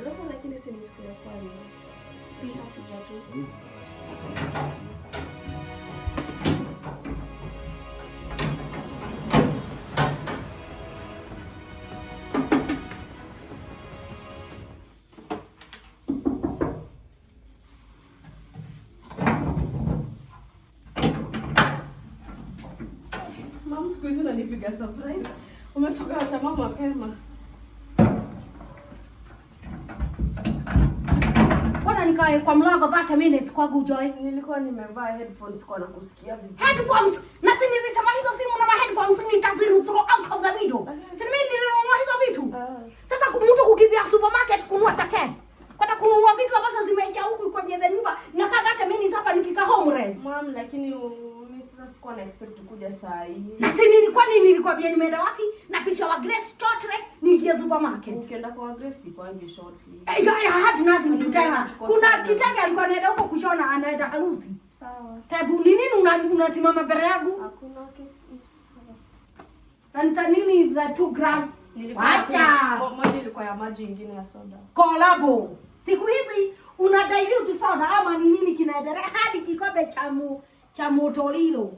Sasa lakini si ni siku ya kwanza, sitakuja tu siku hizi unanipiga surprise. Umetoka mama mapema. nikae kwa mlango thate minutes kwa gujoe. Nilikuwa nimevaa headphones kwa nakusikia vizuri. Headphones! Na si nilisema hizo simu na ma headphones nitaziru throw out of the video. Si mimi nilinunua hizo vitu. Ah. Sasa kumtu kukimbia supermarket kunua take. Kwenda kununua vitu ambazo zimejaa huku kwenye nyumba na kaga hata mimi hapa nikikaa rest. Mom, lakini u... Sasa sikuwa na expect kuja saa hii. Na si nilikuwa nini nilikwambia nimeenda wapi? Napitia wa Grace Chotre niingie supermarket. Ukienda kwa Grace kwa ipange shortly. Hey, eh, I had nothing to tell her. Kuna kitenge alikuwa anaenda huko kushona anaenda harusi. Sawa. Tabu ni nini unasimama mbele yangu? Hakuna kitu. Kanisa nini the two grass? Nilikuwa acha. Oh, moja ilikuwa ya maji nyingine ya soda. Kolabo. Siku hizi una dilute soda ama ni nini kinaendelea hadi kikombe cha mu cha moto lilo.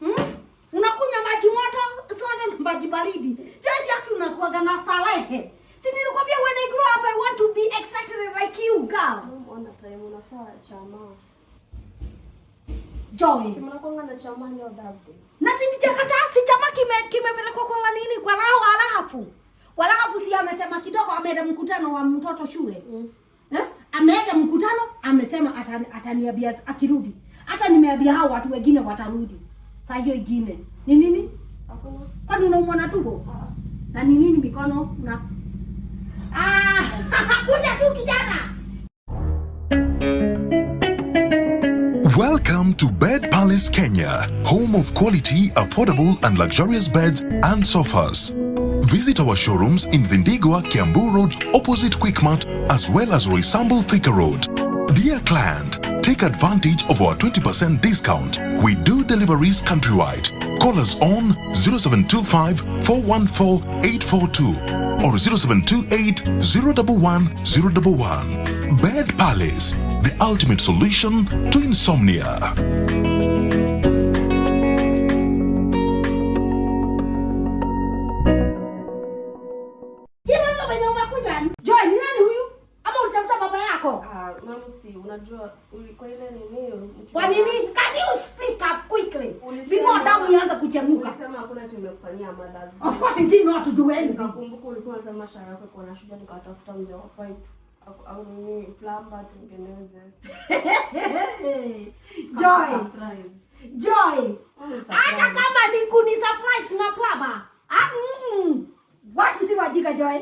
Hmm? Unakunywa maji moto, soda na maji baridi. jezi yake unakuwaga na starehe. Si nilikwambia when I grow up I want to be exactly like you girl. Unaona time unafaa chama. Joy. Si mnakuanga na chama leo Thursdays. Na si nijakata si chama kime kimepelekwa kwa nini kwa lao alafu. Wala hapo si amesema kidogo ameenda mkutano wa mtoto shule. Mm. Eh? Ameenda mkutano amesema ataniambia atani akirudi. Hata nimeambia hao watu wengine watarudi. Saa hiyo ingine. Ni nini? Hakuna. Kwani unaumwa na tumbo? Uh-uh. Na ni nini mikono na Ah, kuja tu kijana. Welcome to Bed Palace Kenya, home of quality, affordable and luxurious beds and sofas. Visit our showrooms in Vindigua, Kiambu Road opposite Quickmart as well as Roysambu Thika Road. Dear client, Take advantage of our 20% discount. We do deliveries countrywide. Call us on 0725 414 842 or 0728 011 011. Bed Palace, the ultimate solution to insomnia. Yaani nikakumbuka ulikuwa unasema iko na shida, nikatafuta mzee wa pipe au nini plumber tengeneze. Joy, Joy, hata kama ni kuni surprise na plumber Ah, watu si wajika Joy,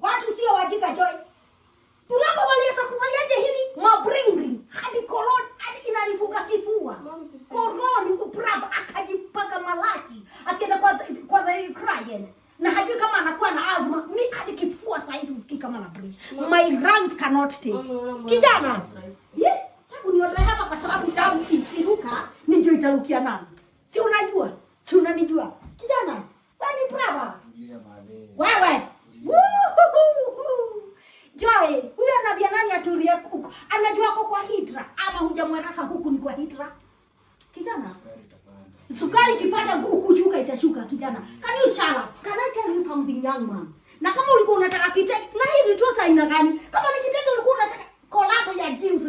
watu sio wajika Joy, plumber waliweza kufanya hivi mabringring hadi koloni Kijana, hebu niondoe hapa kwa sababu damu isiruka nijo itarukia nani? Si unajua? Si unanijua? Kijana, wewe ni brava. Wewe. Joy, huyu anabia nani atulie huko? Anajua kwa kwa hitra ama hujamwarasa huku ni kwa hitra? Kijana, sukari kipanda kuchuka itashuka kijana. Can you shut up? Can I tell you something young man? Na kama ulikuwa unataka kitenge na hii ni tu saina gani?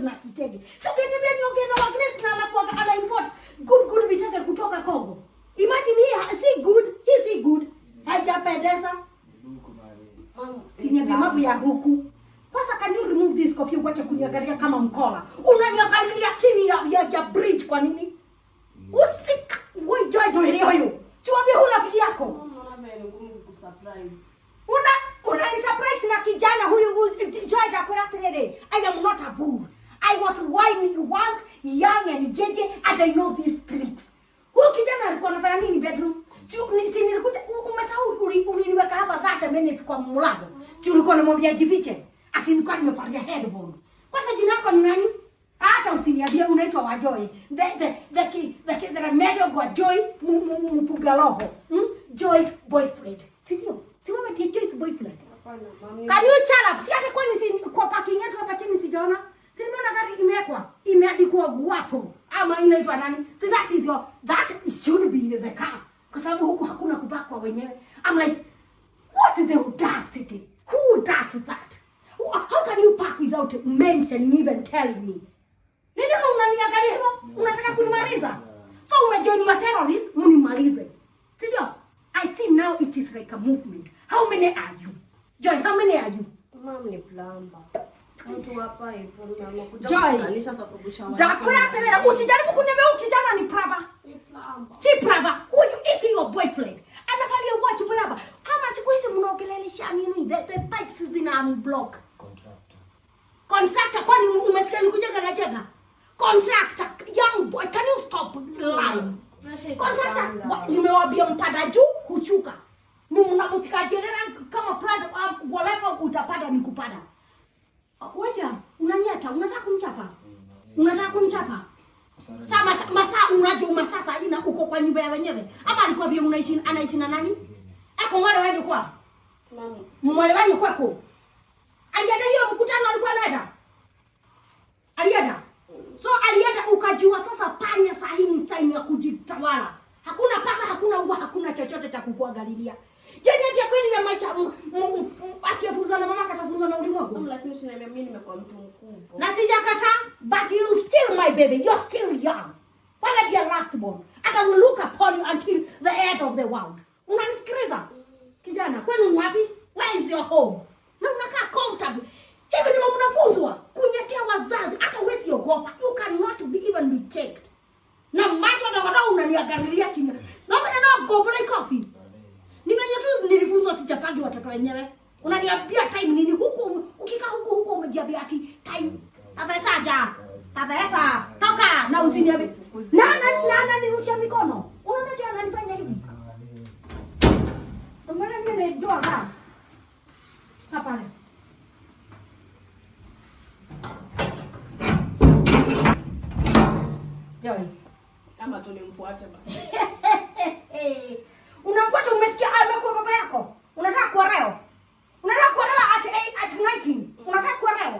na kitege. So kidebe niongee na Agnes na anakuwa ana import good good vitege kutoka Kongo. Imagine hii si good, hii si good. Haijapendeza. Siniambia mambo ya huku. Kwanza can you remove this coffee uache kuniangalia kama mkola. Unaniangalilia chini ya, ya, ya bridge kwa nini? Usika. Wewe joy do ile huyo. Si huna bidii yako? Mama mimi ngumu kukusurprise. Una na kijana huyu Joy Dakura Trede. I am not a fool. I was whining once, young and jeje, and I know these tricks. Huyu kijana alikuwa anafanya nini bedroom? Si nilikuja umesahau uliniweka hapa that minutes kwa mlango. Si ulikuwa unamwambia jifiche? Ati nilikuwa nimepatia headphones. Kwanza jina lako ni nani? Hata usiniambie unaitwa Wajoi. The the the key, the ki, the remedy of Wajoi mpuga roho. Hmm? Joy's boyfriend. Si Si wewe ndiye Joy's boyfriend? Hapana, mami. Can you shut up? Si hata kwa ni kwa parking yetu hapa chini sijaona. Si nimeona gari imekwa? imeandikwa guapo ama inaitwa nani? So that is your that should be the car. Kwa sababu huku hakuna kubakwa wenyewe. I'm like what the audacity? Who does that? How can you park without mentioning even telling me? Ni nini unaniangalia hivyo? Unataka kunimaliza? So umejoin your terrorist mnimalize. Si I see now it is like a movement. How many are you? Joy, how many are you? Mom ni plumber. Ndakuraterera usijaribu kuniambia huyu kijana ni plumber. Si plumber. Huyu is your boyfriend. Anavalia watch plumber. Ama siku hizi mnaongelelesha nini? The, the pipes zina unblock. Contractor. Contractor, kwani umesikia nikujega na jega? Contractor, young boy, can you stop lying? Contractor, nimewaambia mpada juu huchuka. Ni mnapotika jerera kama plumber, whatever utapanda ni kupada. Weja, unanyata, unataka kunichapa? Mm. Unataka kunichapa? Sasa masa, masa unajua ina uko kwa nyumba ya wenyewe. Ama alikwambia unaishi anaishi na nani? Mm. Ako mwale waje kwa? Mwale waje kwako. Alienda hiyo mkutano alikuwa anaenda? Alienda. Mm. So alienda ukajua sasa panya sahihi ni time ya kujitawala. Hakuna paka, hakuna uwa, hakuna chochote cha kukuangalilia. Janet ya kweli ya maisha asiyefunzwa na mama katafunzwa na ulimwengu. Lakini usiniambie mimi nimekuwa mtu mkubwa. Na sijakataa, but you still my baby, you're still young. Wala dear last born. Hata will look upon you until the end of the world. Unanisikiliza? Mm. Kijana, kwenu wapi? Where is your home? Na unakaa comfortable. Hivi ndio mnafunzwa kunyetea wazazi, hata uwezi ogopa. You cannot be even be checked. Na macho ndio unaniangalilia chini. Naomba yanaogopa na coffee tu nilifuzwa sijapangi watoto wenyewe. Unaniambia time nini huku ukika huku huku umejiambia ati time. Abesa ja. Abesa toka na usiniambie. Na na na na nirusha mikono. Unaona je ananifanya hivi? Mbona mimi ni ndoa doa hapa Hapana. Joy. Kama tulimfuate basi. Unamfuata umesikia kuolewa. Unataka kuolewa at at 19. Unataka kuolewa.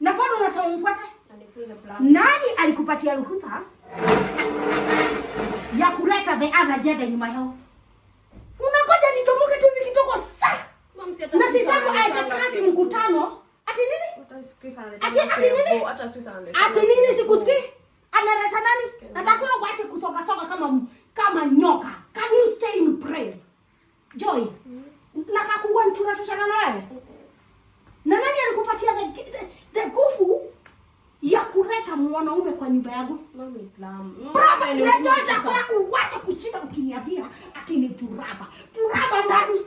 Na bado unasema umfuate? Nani alikupatia ruhusa ya kuleta the other gender in my house? Unangoja nitomoke tu hivi kitoko saa. Na sisako aje mkutano. Ati nini? Ati nini? Ati nini sikusikii? mwanaume kwa nyumba yangu. Mama Mama ni ni inajoja chakula wacha kuchinda ukiniambia akini turaba. Turaba nani?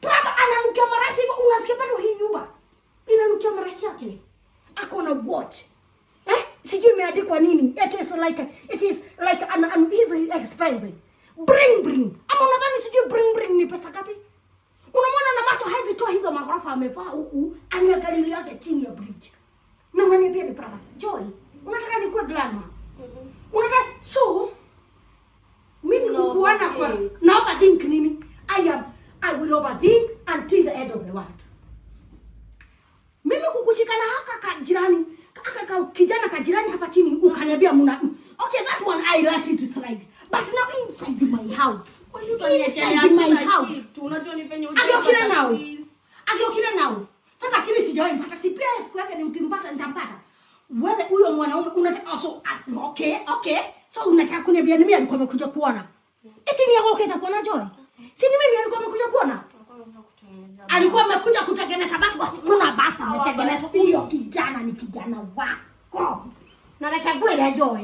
Turaba ananukia marashi hivyo, unasikia bado hii nyumba inanukia marashi yake. Ako na watch. Eh? Sijui imeandikwa nini? It is like it is like an easy expense. Bring bring. Ama unadhani sijui bring bring ni pesa gapi? Unamwona na macho hazi toa hizo magorofa amevaa huku, anaangalia yake chini ya bridge. Na mwanipia ni Praba. Joy. Unataka nikuwe glamour? Mm-hmm. Unataka so mimi kukuona kwa na overthink nini? I am I will overthink until the end of the world. Mimi kukushika na haka ka jirani, haka ka kijana ka jirani hapa chini ukaniambia mna Okay, that one I let it slide. But now inside my house. Inside my house. Tunajua ni penye ujio. Akiokila nao. Akiokila nao. Sasa kile sijawahi mpata si pia siku yake nikimpata nitampata wewe huyo mwanaume unataka oh, so, ah, okay okay, so unataka kuniambia mimi alikuwa amekuja kuona eti ni yako kitakuwa na jora? Si ni mimi alikuwa amekuja kuona, alikuwa amekuja kutengeneza basi. Kuna basi ametengeneza huyo kijana ni kijana wako na nakagwe na joy.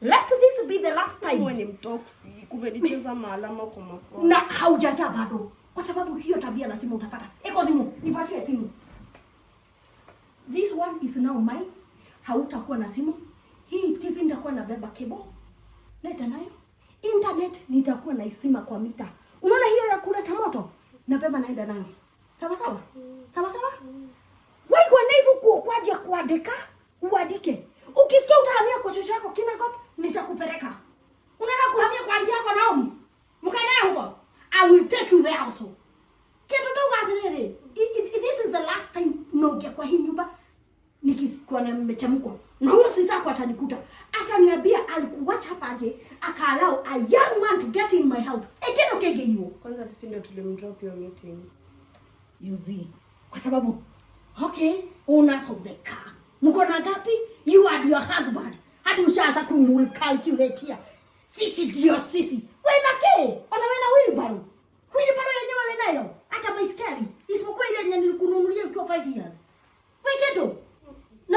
Let this be the last time. Wewe ni mtoksi, kumenicheza maalama kwa mkono. Na haujaja bado, kwa sababu hiyo tabia lazima utapata. Eko simu, nipatie simu. This one is now mine. Hautakuwa na simu. Hii TV nitakuwa nabeba cable. Leta nayo. Internet nitakuwa isima kwa mita. Unaona hiyo ya kuleta moto? Nabeba naenda nayo. Sawa sawa? Sawa sawa? Mm. Wewe kwa naivu kuokwaje kuandika? Uandike. Ukisikia utahamia kwa chochote amechamkwa na huyo sisako atanikuta, ataniambia alikuwacha hapa aje akaallow a young man to get in my house again. E, okay, ge hiyo kwanza sisi ndio tulimdrop your meeting you see, kwa sababu okay, owners of the car mko na gapi? You are your husband hadi ushaanza kumul calculate ya Sisi dio sisi, wewe na ke ona wewe na wili wili wheelbarrow yenyewe wewe nayo, hata baiskeli isipokuwa ile yenye nilikununulia ukiwa 5 years wewe kendo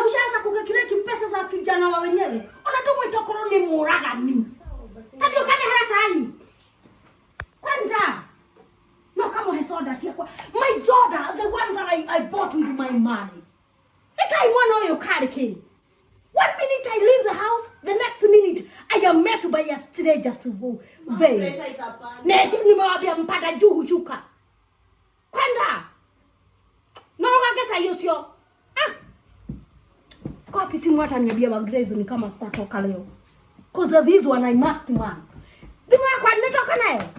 ushaanza kukakileti pesa za kijana wa wenyewe, unatumwita koro ni muragani tadi ukane hara sai kwenda no kama he soda hesoda kwa my soda the one that I, I bought with my money nikai mwana uyu kari ki one minute I leave the house the next minute I am met by a stranger subu ah, babe ne nimewambia mpanda juu shuka kwenda no ungangesa hiyo sio Kopi simu hata niambia wa ni kama sitatoka leo. Cause of this one I must man. Dima yako nitoka nayo.